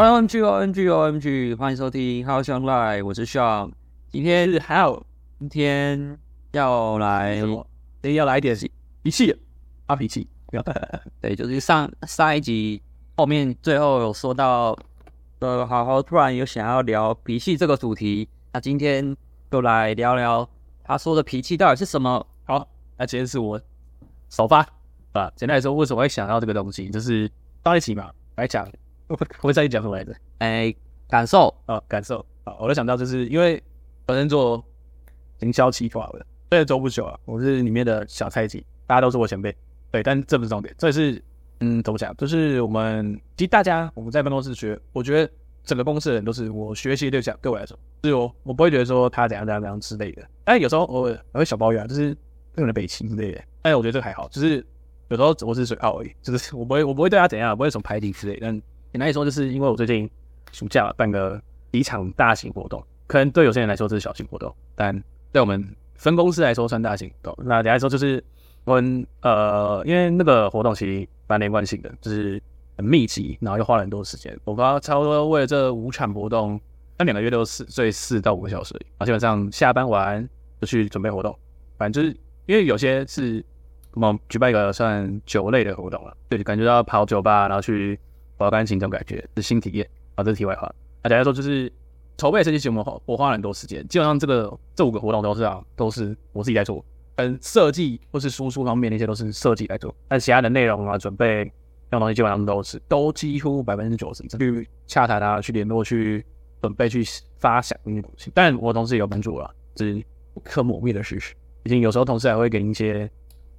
Hello,、oh, OMG, OMG，、oh, oh, 歡迎收聽《How Sean Live》，我是 Sean。今天是 How，今天要來什麼，誒，要來一點脾氣，發、啊、脾氣。不要對，就是上上一集後面最後有說到，呃，好好突然有想要聊脾氣這個主題，那今天就來聊聊他說的脾氣到底是什麼。好，那今天是我首發啊。簡單來說，為什麼會想到這個東西，就是上一集嘛來講。白 我會再講什麼來着？哎、欸，感受啊、哦，感受啊！我就想到就是因為本身做營銷企劃，對，做不久啊，我是裡面的小菜雞，大家都是我前輩，對。但這不是重點，這是嗯，怎麼講？就是我們其實大家我們在辦公室學，我覺得整個公司的人都是我學習對象。各位來說，就是我我不會覺得說他怎樣怎樣怎樣之類的。哎，有時候我我會小抱怨啊，就是可能北京之類的。哎，我覺得這個還好，就是有時候我只是驕傲而已，就是我不會我不會對他怎樣，我不會什麼排擠之類的，但。簡單來說，就是因為我最近暑假辦個幾場大型活動，可能對有些人來說這是小型活動，但對我們分公司來說算大型活動。那簡單來說，就是我們呃，因為那個活動其實蠻連貫性的，就是很密集，然後又花了很多時間。我剛剛差不多為了這五場活動，那兩個月都是睡四到五個小時，然後基本上下班完就去準備活動。反正就是因為有些是我們舉辦一個算酒類的活動了，對，感覺到要跑酒吧，然後去。保干型這種感覺是新體驗啊，這是題外話。大、啊、家說就是籌備設計，事情，我我花了很多時間。基本上這個這五個活動都是啊，都是我自己在做。嗯，設計或是輸出方面那些都是設計在做，但其他的內容啊，準備這種東西基本上都是都幾乎百分之九十，去洽談啊，去聯絡，去準備，去發想一些東西。但我同時也有幫助啊，這、就是不可磨滅的事實。畢竟有時候同事還會給你一些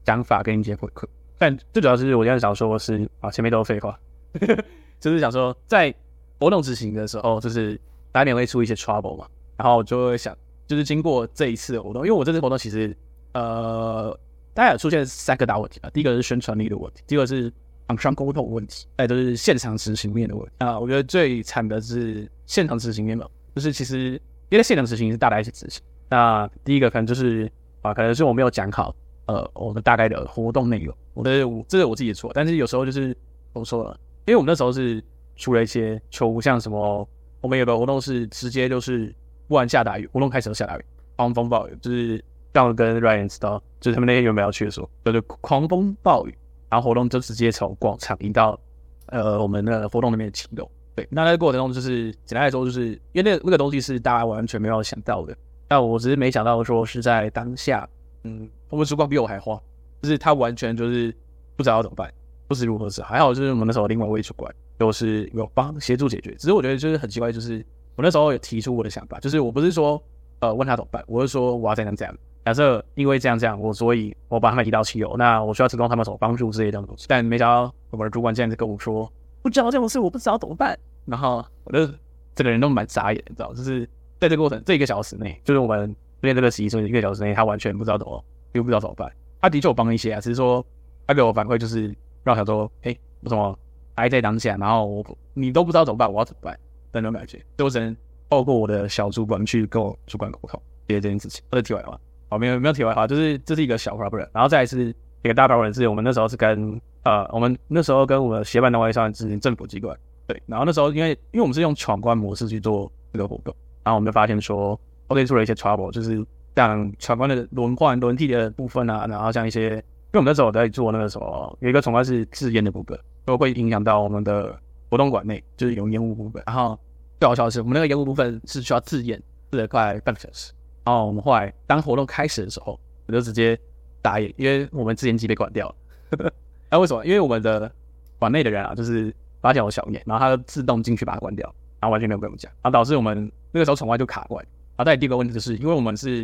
想法，給你一些回饋。但最主要是我今天想說的是啊，前面都是廢話。呵呵， 就是想說，在活動執行的時候，就是難免會出一些 trouble 嘛，然後我就會想，就是經過這一次的活動，因為我這次活動其實，呃，大概有出現三個大問題嘛，第一個是宣傳力的問題，第二個是廠商溝通問題，哎，都是現場執行面的問題。那我覺得最慘的是現場執行面嘛，就是其實因為現場執行是大概一些執行，那第一個可能就是啊，可能是我沒有講好，呃，我們大概的活動內容，我的我這是我自己的錯，但是有時候就是我錯了。因為我們那時候是出了一些球，像什麼，我們有個活動是直接就是忽然下大雨，活動開始就下大雨，狂風暴雨，就是像我跟 Ryan 知道，就是他們那天原本有沒有去的時候，就是狂風暴雨，然後活動就直接從廣場移到呃我們的活動那邊啟動。對，那在過程中就是簡單來說，就是因為那個、那個東西是大家完全沒有想到的，但我只是沒想到說是在當下，嗯，我們主管比我還慌，就是他完全就是不知道要怎麼辦。不知如何是，還好就是我們那時候另外一位主管，就是有幫協助解決。只是我覺得就是很奇怪，就是我那時候有提出我的想法，就是我不是說呃問他怎麼辦，我是說我要怎樣怎樣。假設因為這樣這樣，我所以我把他們移到七樓，那我需要提供他們什麼幫助之類的東西。但沒想到我們的主管這樣子跟我說，不知道這種事，我不知道怎麼辦。然後我就整個人都蠻傻眼，你知道，就是在這個過程這一個小時內，就是我們練這個實習生一個小時內，他完全不知道怎麼又不知道怎麼辦。他、啊、的確有幫一些啊，只是說他給我反饋就是。讓我想說，誒，為什麼待在當下？然後我你都不知道怎麼辦，我要怎麼辦的那種感覺，就只能透過我的小主管去跟我主管溝通解決這件事情。我、啊、的題外話，哦，沒有沒有題外話，就是這是一個小 problem 然後再一次一個大 problem 是，我們那時候是跟呃，我們那時候跟我們協辦的外商行政府機關，對。然後那時候因為因為我們是用闖關模式去做這個活動，然後我們就發現說，OK 出了一些 trouble，就是像闖關的輪換、輪替的部分啊，然後像一些。因為我們那時候在做那個什麼，有一個場外是製煙的部分，所以會影響到我們的活動館內，就是有煙霧部分。然後最好笑的是，我們那個煙霧部分是需要製煙製了快半個小時，然後我們後來當活動開始的時候，我就直接打煙，因為我們製煙機被關掉了。那、 啊、為什麼？因為我們的館內的人啊，就是發現我小煙，然後他就自動進去把它關掉，然後完全沒有跟我們講，然後導致我們那個時候場外就卡關。好，再第一個問題就是，因為我們是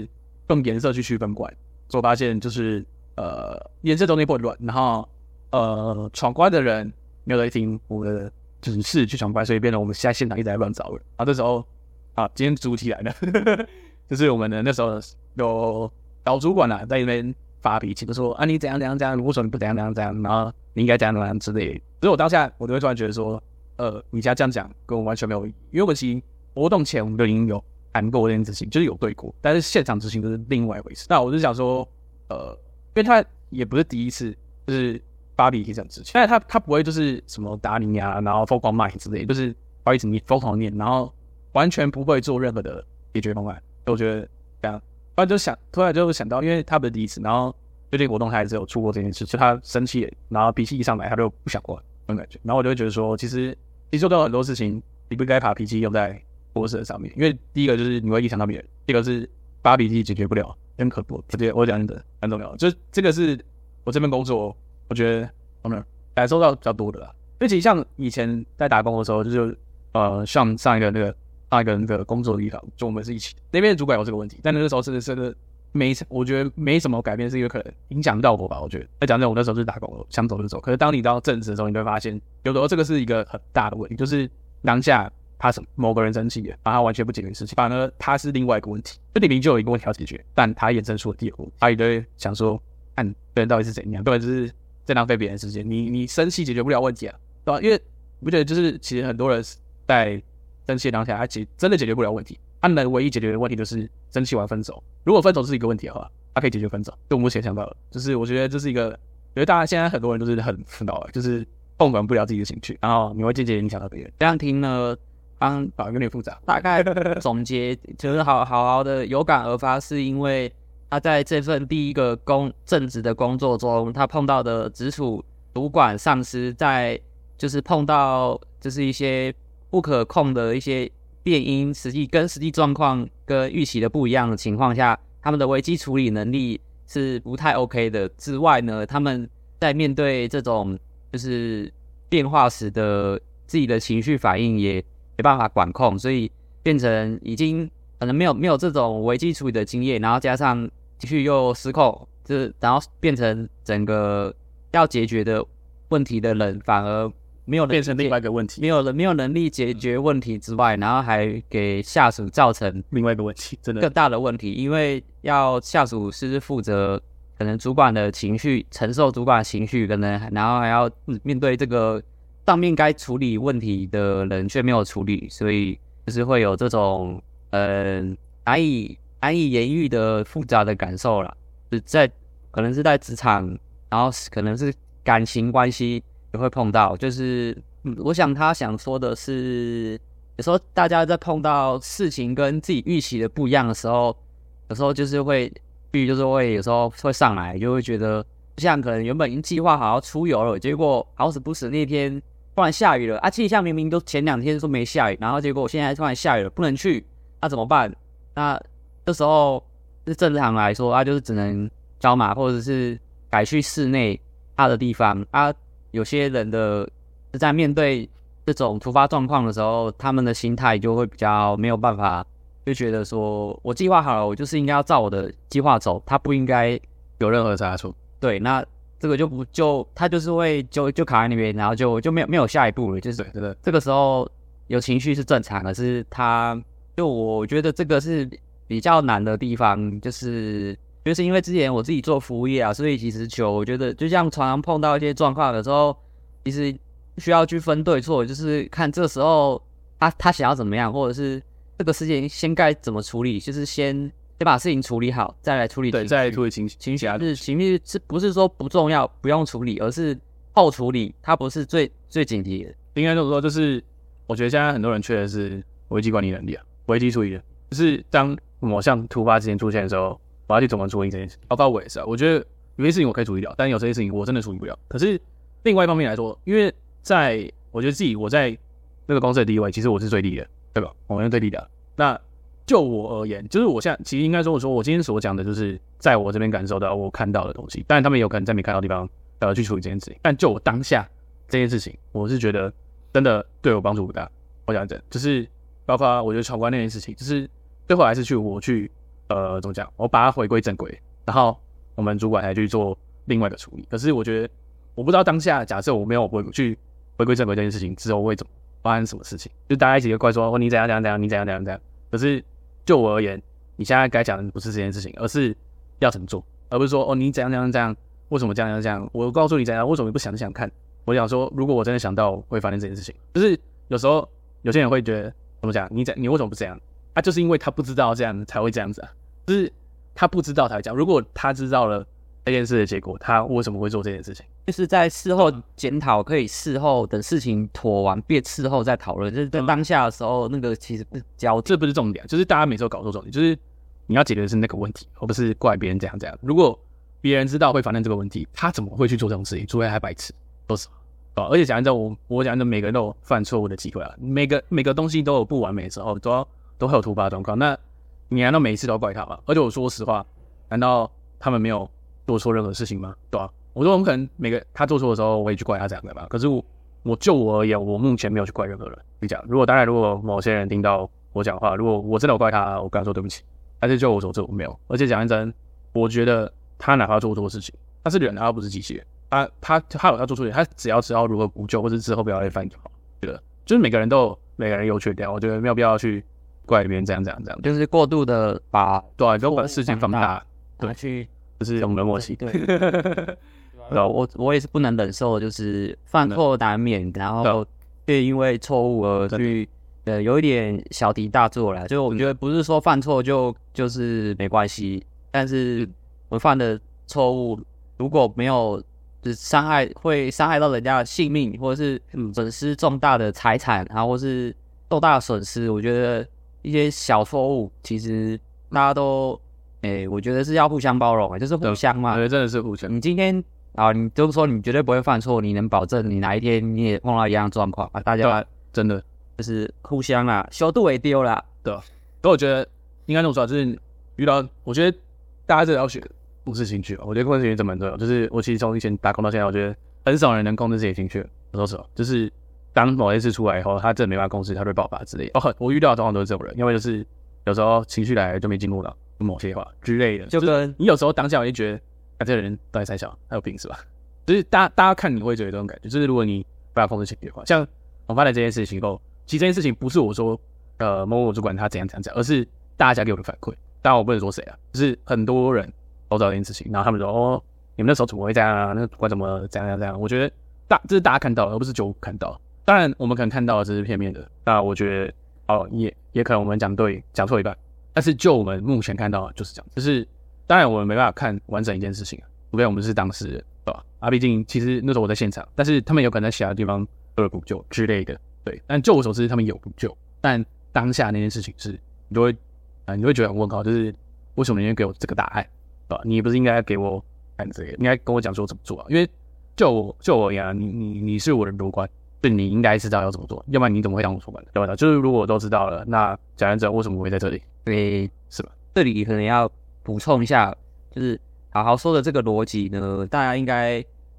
用顏色去區分館，所以我發現就是。呃，顏色中那混亂，然後呃，闖關的人沒有在聽我們的指示去闖關，所以變成我們現在現場一直在亂找人啊，這時候啊，今天主題來了，呵呵就是我們的那時候有老主管啊在那邊發脾氣，就說啊你怎樣怎樣怎樣，如果說你不怎樣怎樣怎樣，然後你應該怎樣怎樣之類的。所以我當下我就會突然覺得說，呃，你家這樣講跟我完全沒有，因為我們其實活動前我們都已經有談過這件事情，就是有對過，但是現場執行都是另外一回事。那我就想說，呃。因為他也不是第一次，就是發脾氣這之前但，但是他他不會就是什麼打你呀、啊，然後瘋狂罵你之類的，就是好一次你瘋狂念，然後完全不會做任何的解決方案，就我覺得這樣，突然就想，突然就想到，因為他不是第一次，然後最近活動他還是有出過這件事，就他生氣，然後脾氣一上來，他就不想過那種感覺，然後我就會覺得說，其實其實做到很多事情你不該把脾氣用在博士的上面，因為第一個就是你會影響到別人，第二個是發脾氣解決不了。真可怖，直接我講真的，很重要，就是這個是我這邊工作，我覺得 o w n 感受到比較多的啦。尤其像以前在打工的時候，就是、呃，像上一個那個上一個那個工作的地方，就我們是一起那邊主管有這個問題，但那個時候真的真的沒，我覺得沒什麼改變，是因為可能影響到我吧。我覺得再講講，我那時候是打工，想走就走。可是當你到正職的時候，你會發現，有的時候這個是一個很大的問題，就是當下。怕什麼？某個人生氣了，他完全不解決事情，反而他是另外一個問題。就裡面就有一個問題要解決，但他衍生出了第二個問題。他一堆想說，看、啊、別人到底是怎樣，根本就是在浪費別人時間。你你生氣解決不了問題啊，對吧、啊？因為我覺得就是，其實很多人在生氣、當下，他其實真的解決不了問題。他、啊、能唯一解決的問題就是生氣完分手。如果分手是一個問題的話，他可以解決分手。就我目前想到了，就是我覺得這是一個，覺得大家現在很多人都是很很惱，就是控管不了自己的情緒，然後你會間接影響到別人。這樣聽呢？剛講有點複雜， 大概總結就是好好好的有感而發，是因為他在這份第一個工正職的工作中，他碰到的直屬主管上司在，在就是碰到就是一些不可控的一些變因，實際跟實際狀況跟預期的不一樣的情況下，他們的危機處理能力是不太 OK 的，之外呢，他們在面對這種就是變化時的自己的情緒反應也。沒辦法管控，所以變成已經可能沒有沒有這種危機處理的經驗，然後加上情緒又失控，就是然後變成整個要解決的問題的人反而沒有變成另外一個問題，沒有了，沒有能力解決問題之外，嗯、然後還給下屬造成另外一個問題，真的更大的問題，因為要下屬是負責可能主管的情緒承受，主管的情緒可能然後還要面對這個。上面該處理問題的人卻沒有處理，所以就是會有這種嗯難以難以言喻的複雜的感受啦，就在可能是在職場，然後可能是感情關係也會碰到。就是我想他想說的是，有時候大家在碰到事情跟自己預期的不一樣的時候，有時候就是會，比如就是會有時候會上來，就會覺得像可能原本已經計劃好要出遊了，結果好死不死那天。突然下雨了啊！氣象明明都前兩天說沒下雨，然後結果我現在突然下雨了，不能去，那、啊、怎麼辦？啊、那這時候，是正常來說啊，就是只能招馬或者是改去室內他的地方啊。有些人的在面對這種突發狀況的時候，他們的心態就會比較沒有辦法，就覺得說我計劃好了，我就是應該要照我的計劃走，他不應該有任何差錯。對，那。這個就不就他就是會就就卡在那邊，然後就就沒有沒有下一步了，就是這個這個時候有情緒是正常的，是他就我覺得這個是比較難的地方，就是就是因為之前我自己做服務業啊，所以其實就我覺得，就像常常碰到一些狀況的時候，其實需要去分對錯，就是看這時候他他想要怎麼樣，或者是這個事情先該怎麼處理，就是先。先把事情處理好，再來處理情緒。對，再來處理情情緒啊，情是情緒，是不是說不重要，不用處理，而是後處理？它不是最最緊急的。應該這麼說，就是我覺得現在很多人缺的是危機管理能力啊，危機處理的。就是當某項突發事件出現的時候，我要去怎麼處理這件事？包括我也是啊，我覺得有些事情我可以處理掉，但有些事情我真的處理不了。可是另外一方面來說，因為在我覺得自己我在那個公司的地位，其實我是最低的，對吧？我是最低的啊。那就我而言，就是我現在其實應該說，我說我今天所講的，就是在我這邊感受到、我看到的東西。當然，他們也有可能在沒看到地方，呃，去處理這件事情。但就我當下這件事情，我是覺得真的對我幫助不大。我講真，就是包括我覺得闖關那件事情，就是最後還是去我去呃，怎麼講，我把它回歸正軌，然後我們主管還去做另外一個處理。可是我覺得，我不知道當下假設我沒有回去回歸正軌這件事情之後，會怎麼發生什麼事情。就大家一起就怪說，喔，你怎樣怎樣怎樣，你怎樣怎樣怎樣。可是就我而言，你現在該講的不是這件事情，而是要怎麼做，而不是說哦，你怎樣怎樣怎樣，為什麼這樣這樣這樣？我告訴你怎樣，為什麼你不想想看？我想說，如果我真的想到，會發生這件事情，就是有時候有些人會覺得怎麼講，你怎樣你為什麼不這樣？他、啊、就是因為他不知道這樣才會這樣子啊，就是他不知道才會講。如果他知道了這件事的結果，他為什麼會做這件事情？就是在事後檢討，可以事後等事情妥完，別事後再討論。就是在當下的時候，那個其實不焦、嗯，這不是重點。就是大家每次都搞錯重點，就是你要解決的是那個問題，而不是怪別人怎樣怎樣。如果別人知道會發生這個問題，他怎麼會去做這種事情？除非他白痴，都是，對吧？而且講真的，我我講的每個人都有犯錯誤的機會啊。每個每個東西都有不完美的時候，都要都會有突發狀況。那你難道每一次都怪他嗎？而且我說實話，難道他們沒有做錯任何事情嗎？對吧？我說我們可能每個他做錯的時候，我也去怪他這樣的吧。可是我，我就我而言，我目前沒有去怪任何人。你講，如果當然，如果某些人聽到我講的話，如果我真的有怪他、啊，我跟他說對不起。但是就我所知，我沒有。而且講真，我覺得他哪怕做錯事情，他是人、啊，他不是機器、啊，他他他有他做錯事，他只要知道如何補救，或者是之後不要再犯就好了。就是每個人都有每個人有缺點，我覺得沒有必要去怪別人這樣這樣這樣，就是過度的把，把對、啊，錯 把事情放大，對、啊，去就是總格默契對，對。 對，我我也是不能忍受，就是犯錯難免，嗯、然後卻因為錯誤而去，嗯、呃，有一點小題大做了，就我覺得不是說犯錯就就是沒關係，但是我犯的錯誤如果沒有就是傷害，會傷害到人家的性命，或者是損失重大的財產，然後或是重大損失，我覺得一些小錯誤其實大家都，哎、欸，我覺得是要互相包容、欸，就是互相嘛，對，我覺得真的是互相。你今天。啊！你就是說你絕對不會犯錯，你能保證你哪一天你也碰到一樣狀況啊？大家真的就是互相啊，小度也丟了。對，所以我覺得應該這麼說，就是遇到，我覺得大家這要選是要學控制情緒我覺得控制情緒怎麼很重要。就是我其實從以前打工到現在，我覺得很少人能控制自己情緒。我說什麼？就是當某一次出來以後，他真的沒辦法控制，他會爆發之類的。哦，我遇到的通常都是這種人，因為就是有時候情緒來,來就沒進入了某些話之類的。就,跟就是你有時候當下就覺得。啊、這個人都在笑，想，他有病是吧？就是大家大家看你的位置有這種感覺。就是如果你不要控制情緒的話，像我發現這件事情後，其實這件事情不是我說，呃，某某主管他怎樣怎樣怎樣，而是大家給我的反饋。當然我不能說誰啊，就是很多人都知道這件事情，然後他們說，哦，你們那時候怎麼會這樣？啊？那管怎麼怎樣，怎樣怎樣？我覺得大這是大家看到，而不是就看到。當然我們可能看到只是片面的，那我覺得哦，也也可能我們講對講錯一半，但是就我們目前看到的就是這樣就是。當然，我們沒辦法看完整一件事情啊，除非我們是當事人，對吧？啊，畢竟其實那時候我在現場，但是他們有可能在其他地方做了補救之類的，對。但就我所知，他們有補救。但當下那件事情是，你就會啊，你就會覺得很問號，就是為什麼你會給我這個答案啊？你不是應該給我看這個，應該跟我講說我怎麼做啊？因為就我，就我呀，你你你是我的主管，對，你應該知道要怎麼做，要不然你怎麼會當我主管？要不就是如果我都知道了，那講完之後為什麼我會在這裡？對、欸，是吧？這裡可能要。補充一下，就是好好說的這個邏輯呢，大家應該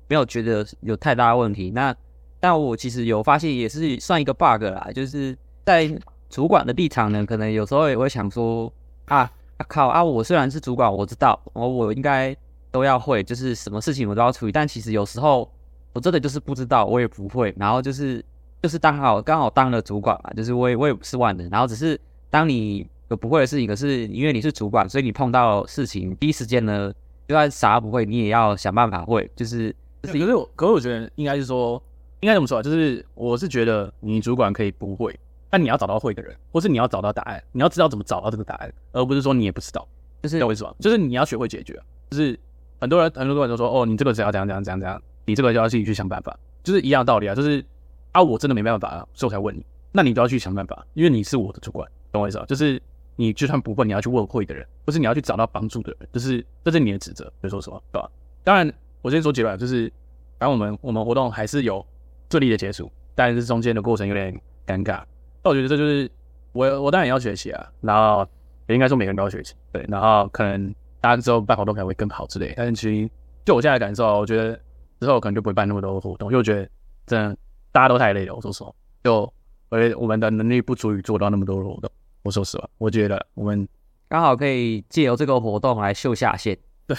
沒有覺得有太大問題。那但我其實有發現，也是算一個 bug 啦，就是在主管的立場呢，可能有時候也會想說啊，啊靠啊，我雖然是主管，我知道我我應該都要會，就是什麼事情我都要處理。但其實有時候我真的就是不知道，我也不會。然後就是就是剛好剛好當了主管嘛，就是我也我也不是萬能。然後只是當你。有不會的事情，可是因為你是主管，所以你碰到事情第一時間呢，就算啥不會，你也要想辦法會。就是就是我，可是我覺得應該是說，應該怎麼說啊？就是我是覺得你主管可以不會，但你要找到會的人，或是你要找到答案，你要知道怎麼找到這個答案，而不是說你也不知道。就是我為什麼？就是你要學會解決。就是很多人很多人都說，哦，你這個只要這樣這樣這樣這樣，你這個就要自己去想辦法。就是一樣道理啊，就是啊，我真的沒辦法啊，所以我才問你。那你都要去想辦法，因為你是我的主管，懂我意思吧？就是。你就算不問，你要去問會的人，不是你要去找到幫助的人，就是這是你的職責。就說實話，對吧？當然，我先說結論，就是，反正我們我們活動還是有順利的結束，但是中間的過程有點尷尬。那我覺得這就是我我當然也要學習啊，然後也應該說每個人都要學習，對，然後可能大家之後辦活動可能會更好之類。但是其實就我現在的感受，我覺得之後可能就不會辦那麼多活動，因為我覺得真的大家都太累了。我說實話，就我覺得我們的能力不足以做到那麼多的活動。我說實話，我覺得我們剛好可以借由這個活動來秀下限。對，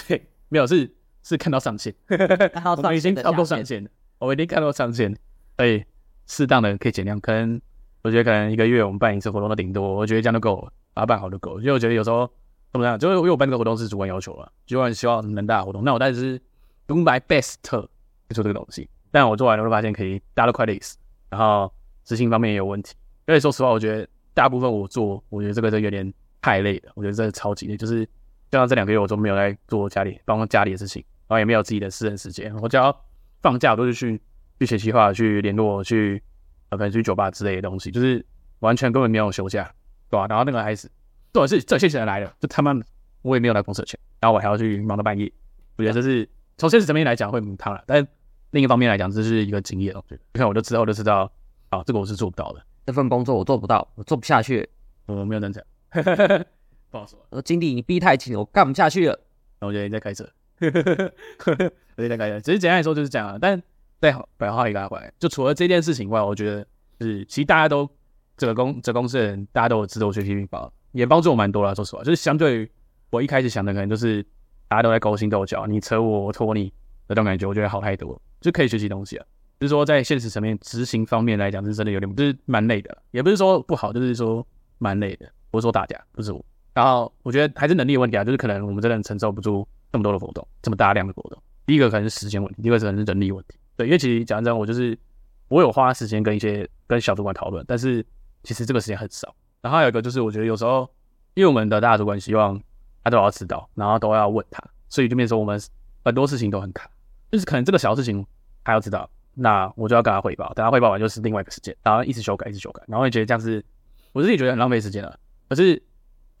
沒有是是看到上限，看 到上限的線， 我已經線我一定看到上限，所以適當的可以減量。可能我覺得可能一個月我們辦一次活動那頂多，我覺得這樣都夠了，把它辦好就夠。就我覺得有時候怎麼樣，就因為我辦這個活動是主管要，要求了，主管希望能大的活動。那我當時是 do my best 做這個東西，但我做完之後會發現可以搭了快的意思，然後執行方面也有問題。所以說實話，我覺得。大部分我做，我覺得這個就有點太累了。我覺得真的超級累，就是就像這兩個月，我都沒有在做家裡，包括家裡的事情，然後也沒有自己的私人時間。我只要放假，我都是去去寫企劃，去聯絡，去呃，可能去酒吧之類的東西，就是完全根本沒有休假，對吧，啊。然後那個還是，對，是這些錢來的，就他媽我也沒有來公司錢，然後我還要去忙到半夜。我覺得這是從現實層面來講會很燙了，但是另一方面來講，這是一個經驗，喔。我覺得，你看我就知道，我就之後就知道，啊，這個我是做不到的。這份工作我做不到，我做不下去，我、呃、沒有能力， 不好說。經理，呃，你逼太緊，我幹不下去了。後、嗯、我覺得你在開車，呵呵呵呵呵呵，你在開車。只是簡單來說就是這樣、啊。但對，白話也拉回來，就除了這件事情外，我覺得，就是，其實大家都這個公、這公司的人，大家都值得我去學習吧，也幫助我蠻多了。說實話，就是相對於我一開始想的，可能就是大家都在勾心鬥角，你扯我，我拖你那種感覺，我覺得好太多，就可以學習東西了、啊。就是說，在現實層面執行方面來講，是真的有點就是蠻累的，也不是說不好，就是說蠻累的。不是說大家，不是我。然後我覺得還是能力的問題啊，就是可能我們真的承受不住這麼多的活動，這麼大量的活動。第一個可能是時間問題，第二個可能是人力問題。對，因為其實講真，我就是我有花時間跟一些跟小主管討論，但是其實這個時間很少。然後還有一個就是，我覺得有時候因為我們的大主管希望他都要知道，然後都要問他，所以就變成說我們很多事情都很卡，就是可能這個小事情他要知道。那我就要跟他匯報，等他匯報完就是另外一個時間，然後一直修改，一直修改，然後也覺得這樣子，我自己也覺得很浪費時間了。可是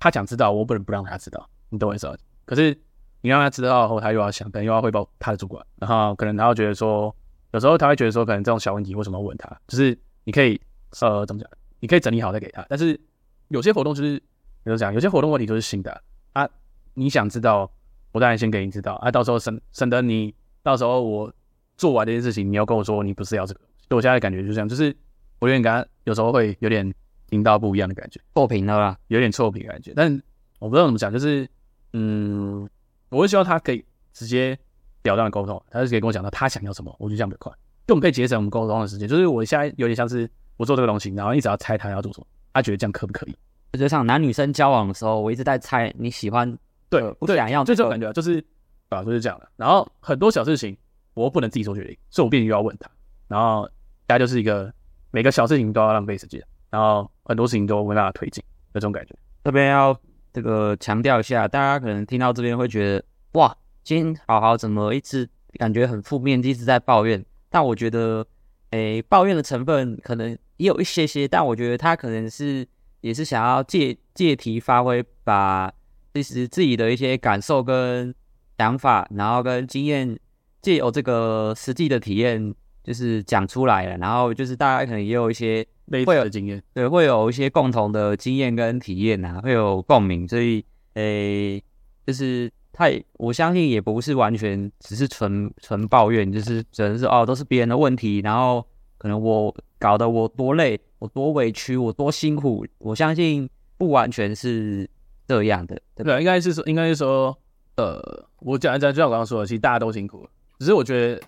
他想知道，我不能不讓他知道，你懂我意思？可是你讓他知道後，他又要想，可能又要匯報他的主管，然後可能他會覺得說，有時候他會覺得說，可能這種小問題為什麼要問他？就是你可以，呃，怎麼講？你可以整理好再給他。但是有些活動就是，比如講有些活動問題就是新的啊，你想知道，我當然先給你知道啊，到時候省省得你到時候我。做完這件事情，你要跟我說你不是要這個，所以我現在的感覺就是這樣，就是我有點跟他有時候會有點聽到不一樣的感覺，錯評了吧，有點錯評的感覺，但我不知道怎麼講，就是嗯，嗯、我會希望他可以直接了當溝通，他就可以跟我講到他想要什麼，我就這樣比較快，就我們可以節省我們溝通的時間。就是我現在有點像是我做這個東西，然後一直要猜他要做什麼，他覺得這樣可不可以？我覺得像男女生交往的時候，我一直在猜你喜歡對、呃、不兩樣，就這種感覺，就是啊，就是這樣了。然後很多小事情。我不能自己做決定，所以我必須要問他。然後，大家就是一個每個小事情都要浪費時間，然後很多事情都沒辦法推進，這種感覺。這邊要這個強調一下，大家可能聽到這邊會覺得哇，今天好好怎麼一直感覺很負面，一直在抱怨。但我覺得，誒、欸，抱怨的成分可能也有一些些，但我覺得他可能是也是想要借借題發揮，把其實自己的一些感受跟想法，然後跟經驗。有這個實際的體驗，就是講出來了，然後就是大家可能也有一些會有的經驗，對，會有一些共同的經驗跟體驗吶、啊，會有共鳴，所以，誒、欸，就是太我相信也不是完全只是純純抱怨，就是只能是哦，都是別人的問題，然後可能我搞得我多累，我多委屈，我多辛苦，我相信不完全是這樣的，對不對？應該是說應該是說，呃，我講一講就像我剛剛說的，其實大家都辛苦了。只是我覺得，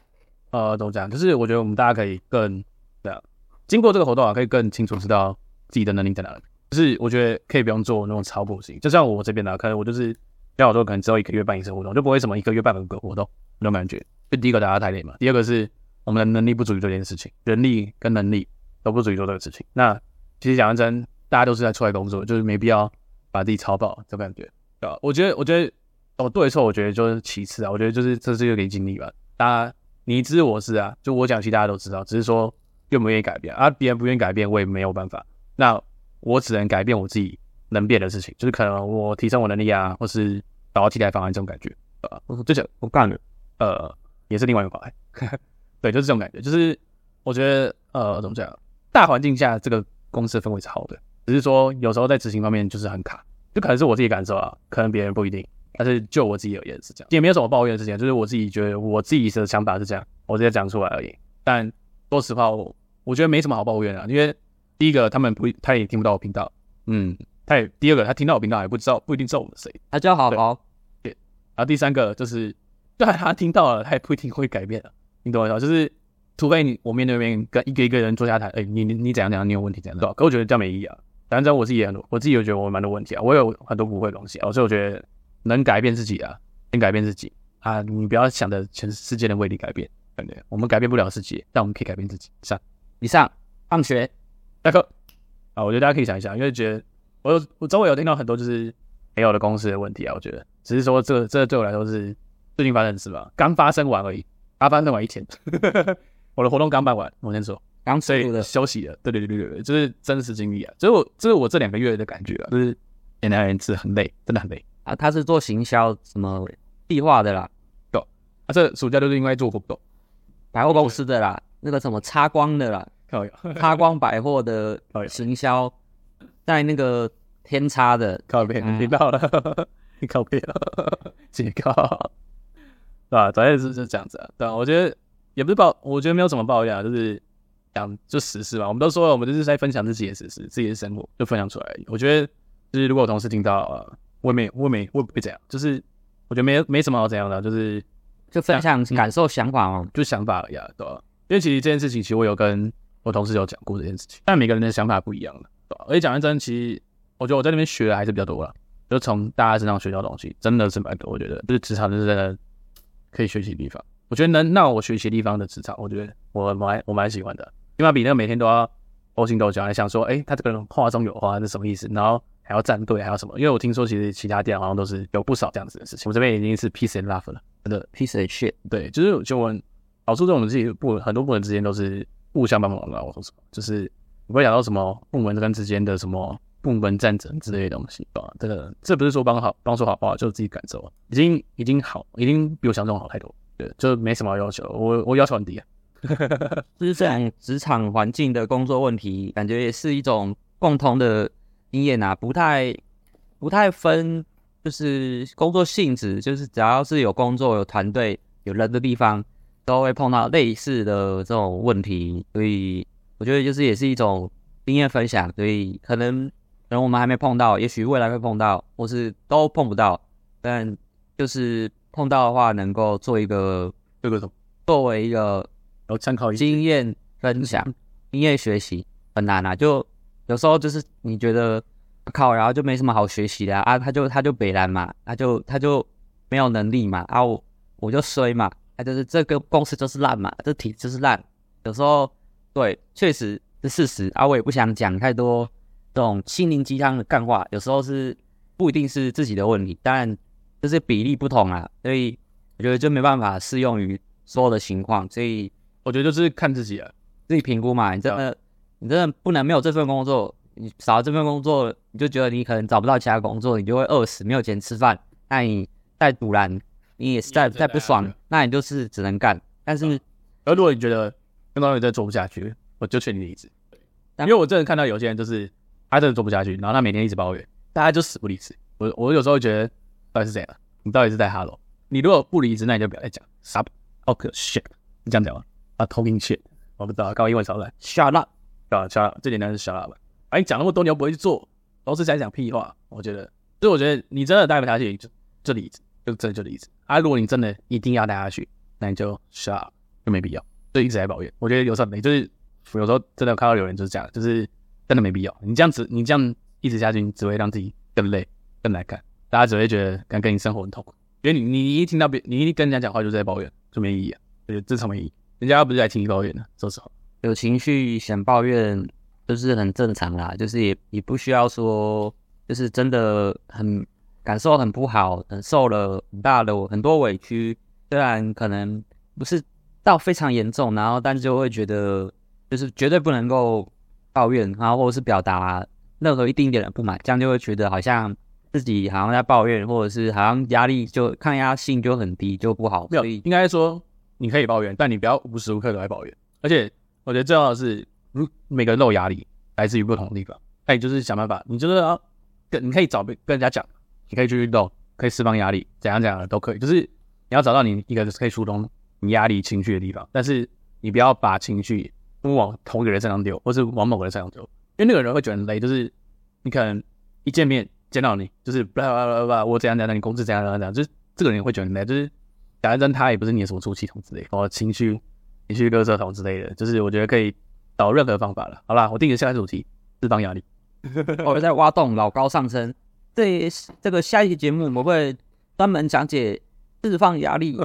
呃，怎麼講？就是我覺得我們大家可以更這樣、啊，經過這個活動啊，可以更清楚知道自己的能力在哪裡。就是我覺得可以不用做那種超補型，就像我這邊呢、啊，可能我就是像我說，可能只有一個月辦一次活動，就不會什麼一個月辦的個活動那種感覺。就第一個，大家太累嘛；第二個是我們的能力不足以做這件事情，人力跟能力都不足以做這個事情。那其實講真，大家都是在出來工作，就是沒必要把自己超爆這種感覺，啊，我覺得，我覺得哦，對錯、就是，我覺得就是其次啊。我覺得就是這是一個練經歷吧。當然、啊，你知我知啊，就我講，其實大家都知道，只是說願不願意改變啊，別人不願意改變，啊、改變我也沒有辦法，那我只能改變我自己能變的事情，就是可能我提升我能力啊，或是找到替代方案這種感覺啊。就、呃、或者我幹了，呃，也是另外一個方案。 對，就是這種感覺，就是我覺得呃，怎麼講，大環境下這個公司的氛圍是好的，只是說有時候在執行方面就是很卡，就可能是我自己感受啊，可能別人不一定。但是就我自己而言是這樣，也沒有什麼抱怨的事情，就是我自己覺得，我自己的想法是這樣，我直接講出來而已。但說實話，我我覺得沒什麼好抱怨的，因為第一個他們不，他也聽不到我頻道，嗯，他也第二個他聽到我頻道，也不知道不一定知道我們誰。這樣好，好，對。然後第三個就是，對他聽到了，他也不一定會改變的，啊，你懂我意思吧？就是除非你我面對面跟一個一個人坐下談，哎，你你你怎樣怎樣，你有問題怎樣？對。可我覺得這樣沒意義啊。反正我自己很多，我自己也覺得我蠻多問題啊，我有很多不會的東西，啊，所以我覺得。能改變自己啊，能改變自己啊！你不要想着全世界的為你改變，對不對，對？我們改變不了世界，但我們可以改變自己，上，吧？以上放學，下課啊，我覺得大家可以想一想，因為覺得我我周圍有聽到很多就是沒有的公司的問題啊，我覺得只是說這個這個對我來說是最近發生的是吧？剛發生完而已，剛發生完一天， 我的活動剛辦完，我先說剛結束的休息的，對對對對對，就是真實經歷啊，就是我就是我這兩個月的感覺啊，就是簡單一次很累，真的很累。啊，他是做行銷什麼計劃的啦？對，啊這暑假就是應該做過百貨公司的啦，是那個什麼擦光的啦，擦有光百貨的行銷，在有那個天差的，靠邊聽到了、嗯啊，靠邊警告，嗯啊、對吧？總而言之是這樣子、啊，對吧？我覺得也不是抱，我覺得沒有什麼抱怨啊，就是講就實事吧。我們都說了，我們就是在分享自己的實事，自己的生活就分享出來。我覺得就是如果我同事聽到。我也沒，我也沒，我不會這樣。就是，我覺得沒沒什麼好怎樣的，就是這樣，就分享感受、想法哦、嗯，就想法而已，啊，對吧、啊？因為其實這件事情，其實我有跟我同事有講過這件事情，但每個人的想法不一樣了。對啊，而且講真，其實我覺得我在那邊學的還是比較多了，就從大家身上學到東西，真的是蠻多。我覺得，就是職場就是真的可以學習的地方。我覺得能讓我學習地方的職場，我覺得我蠻我蠻喜歡的，起碼比那個每天都要勾心鬥角，想說，誒、欸、他這個人話中有話是什麼意思，然後。還要站隊，還要什麼？因為我聽說，其實其他店好像都是有不少這樣子的事情。我這邊已經是 peace and love 了，的 peace and of shit。對，就是就問，好處這種自己部門很多部門之間都是互相幫忙嘛。我說什麼，就是我不會聊到什麼部門跟之間的什麼部門戰爭之類的東西啊。這個這不是說幫好幫說好話，就自己感受，已經已經好，已經比我想像中好太多。對，就沒什麼要求，我我要求很低啊。就 是雖然職場環境的工作問題，感覺也是一種共同的。經驗啊，不太不太分，就是工作性質，就是只要是有工作、有團隊、有人的地方，都會碰到類似的這種問題。所以我覺得就是也是一種經驗分享。所以可能可能我們還沒碰到，也許未來會碰到，或是都碰不到。但就是碰到的話，能夠做一個這個什麼，作為一個然後參考經驗分享、經驗學習很難啊，就。有時候就是你覺得不靠，然後就沒什麼好學習的啊，啊，他就他就北爛嘛，他就他就沒有能力嘛，啊我我就衰嘛，啊，他就是這個公司就是爛嘛，這體制是爛。有時候對，確實是事實啊，我也不想講太多這種心靈雞湯的幹話。有時候是不一定是自己的問題，當然就是比例不同啊，所以我覺得就沒辦法適用於所有的情況，所以我覺得就是看自己了，自己評估嘛，你這。的。你真的不能沒有這份工作，你少了這份工作，你就覺得你可能找不到其他工作，你就會餓死，沒有錢吃飯。那你在賭爛，你也是在你也在在、啊、不爽。對那你就是只能幹。但是，啊、而如果你覺得跟朋友在做不下去，我就勸你離職。但因為我真的看到有些人就是他真的做不下去，然後他每天一直抱怨，大家就死不離職。我我有時候會覺得到底是誰了，你到底是在哈嘍？你如果不離職，那你就不要再講什麼。Oh, okay. shit. 你這樣講嗎？talking shit 我不知道，跟我英文吵來 Shut up。啊，殺最 簡單是殺了吧？你講那麼多，你又不會去做，都是在講屁話。我覺得，所以我覺得你真的待不下去，就這裡就真的就這裡啊，如果你真的一定要待下去，那你就殺了，就沒必要。就一直在抱怨，我覺得有什麼，就是有時候真的看到留言就是這樣，就是真的沒必要。你這樣子，你這樣一直下去，你只會讓自己更累、更難看。大家只會覺得跟跟你生活很痛苦，覺得你你你一聽到別，你一跟人家講話就在抱怨，就沒意義，就真的沒意義。人家又不是在聽你抱怨的，說實話。有情緒想抱怨，就是很正常啦，就是也也不需要說，就是真的很感受很不好，很受了很大的很多委屈，雖然可能不是到非常嚴重，然後但是就會覺得就是絕對不能夠抱怨，然後或者是表達任何一丁點的不滿，這樣就會覺得好像自己好像在抱怨，或者是好像壓力就抗壓性就很低，就不好。所以應該說你可以抱怨，但你不要無時無刻都在抱怨，而且。我覺得重要的是，如每個漏壓力來自於不同的地方，那、哎、就是想辦法，你就是啊，跟你可以找跟人家講，你可以去運動，可以釋放壓力，怎樣怎樣的都可以。就是你要找到你一個可以疏通你壓力情緒的地方，但是你不要把情緒往同一個人身上丟，或是往某個人身上丟，因為那個人會覺得累。就是你可能一見面見到你，就是吧吧吧吧吧，我怎樣怎樣，你工資怎樣怎樣怎樣，就是這個人也會覺得很累。就是講真，他也不是你的什麼出氣筒之類，我情緒。情緒垃圾桶之類的，就是我覺得可以找任何方法了。好啦，我定個下一個主題：釋放壓力。 我們在挖洞，老高上升。對，這個下一期節目我會專門講解釋放壓力，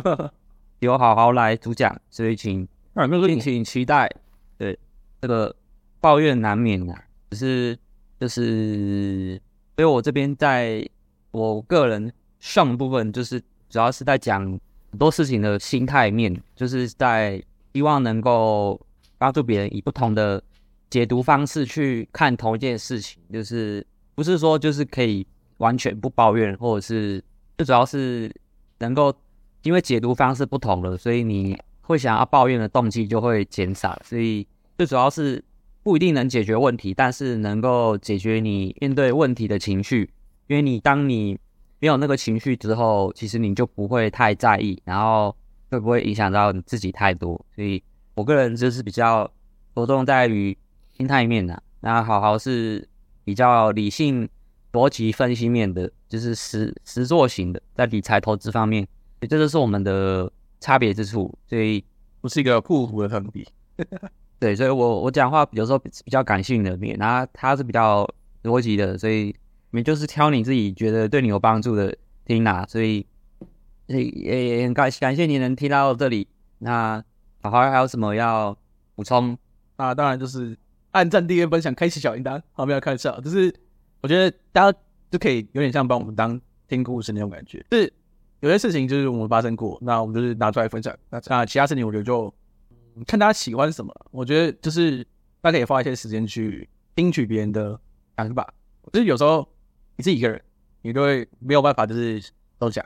有 好好來主講，所以請、哎、那敬請期待。對，這個抱怨難免的、啊，只是就是，所以我這邊在我個人上部分，就是主要是在講很多事情的心態面，就是在。希望能夠幫助別人以不同的解讀方式去看同一件事情，就是不是說就是可以完全不抱怨，或者是最主要是能夠因為解讀方式不同了，所以你會想要抱怨的動機就會減少。所以最主要是不一定能解決問題，但是能夠解決你面對問題的情緒，因為你當你沒有那個情緒之後，其實你就不會太在意，然後。會不會影響到你自己太多？所以我個人就是比較着重在於心態面的、啊。那好好是比較理性、邏輯分析面的，就是實實作型的，在理財投資方面，這就是我們的差別之處。所以不是一個互補的對比。對，所以我我講話比如說比較感性的面，然後他是比較邏輯的，所以你就是挑你自己覺得對你有幫助的聽啊。所以。也也很感謝感謝你能聽到這裡。那好好，還有什麼要補充？那當然就是按讚訂閱分享開啟小鈴鐺，好，沒有開玩笑。就是我覺得大家就可以有點像幫我們當聽故事那種感覺。就是有些事情就是我們發生過，那我們就是拿出來分享。那啊，其他事情我覺得就看大家喜歡什麼。我覺得就是大家可以花一些時間去聽取別人的想法。就是有時候你自己一個人，你就會沒有辦法就是都講。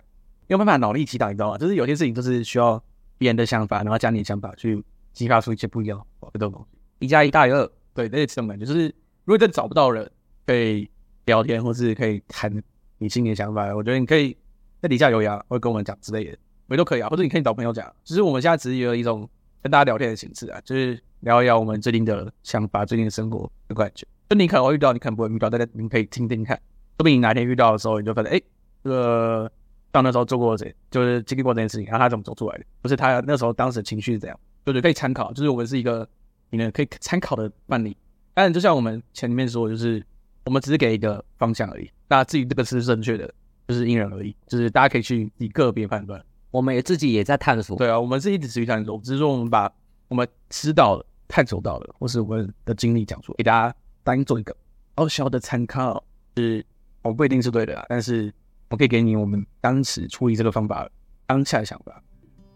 沒有辦法腦力激盪，你知道嗎？就是有些事情就是需要別人的想法，然後加你的想法去激發出一些不一樣的東西。我不懂一加一大於二，對，這是這種感覺，就是如果真的找不到人可以聊天，或是可以談你心裡的想法，我覺得你可以在底下留言，或會跟我們講之類的，也都可以啊。或者你可以找朋友講。其、就、實、是、我們現在只是有一種跟大家聊天的形式啊，就是聊一聊我們最近的想法，最近的生活的感覺。就你可能會遇到，你可能不會遇到，大家你可以聽聽看。說不定哪天遇到的時候，你就發覺得，哎、欸，這、呃、個。到那時候做過這，就是經歷過這件事情，然後他怎麼走出來的？不是他那時候當時的情緒是這樣，就是可以參考，就是我們是一個你能可以參考的案例。當然，就像我們前面說，就是我們只是給一個方向而已。那至於這個是正確的，就是因人而異，就是大家可以去以個別判斷。我們也自己也在探索。對啊，我們是一直持續探索，只是說我們把我們知道的、探索到的，或是我們的經歷講出來，給大家，當做一個小、哦、小的參考。是，我不一定是對的啦，但是。我可以給你我們當時處理這個方法當下的想法，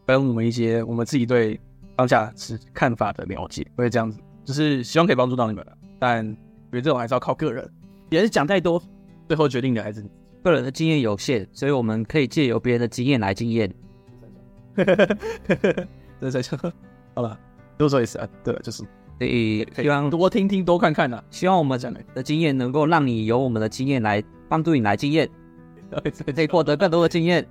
跟我們一些我們自己對當下是看法的了解，我也這樣子，就是希望可以幫助到你們的。但比如這種還是要靠個人，別人講太多，最後決定的還是你，你個人的經驗有限，所以我們可以借由別人的經驗來經驗。在講，再在講，好了，多說一次啊，對了，就是，所以可以希望多聽聽，多看看啊。希望我們的經驗能夠讓你有我們的經驗來幫助你來經驗。可以獲得更多的經驗，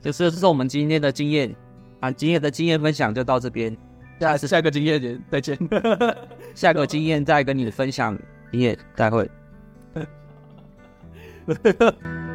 就是這是我們今天的經驗啊。今夜的經驗分享就到這邊，下次下一個經驗再見， 下一個經驗再跟你分享你也，待會。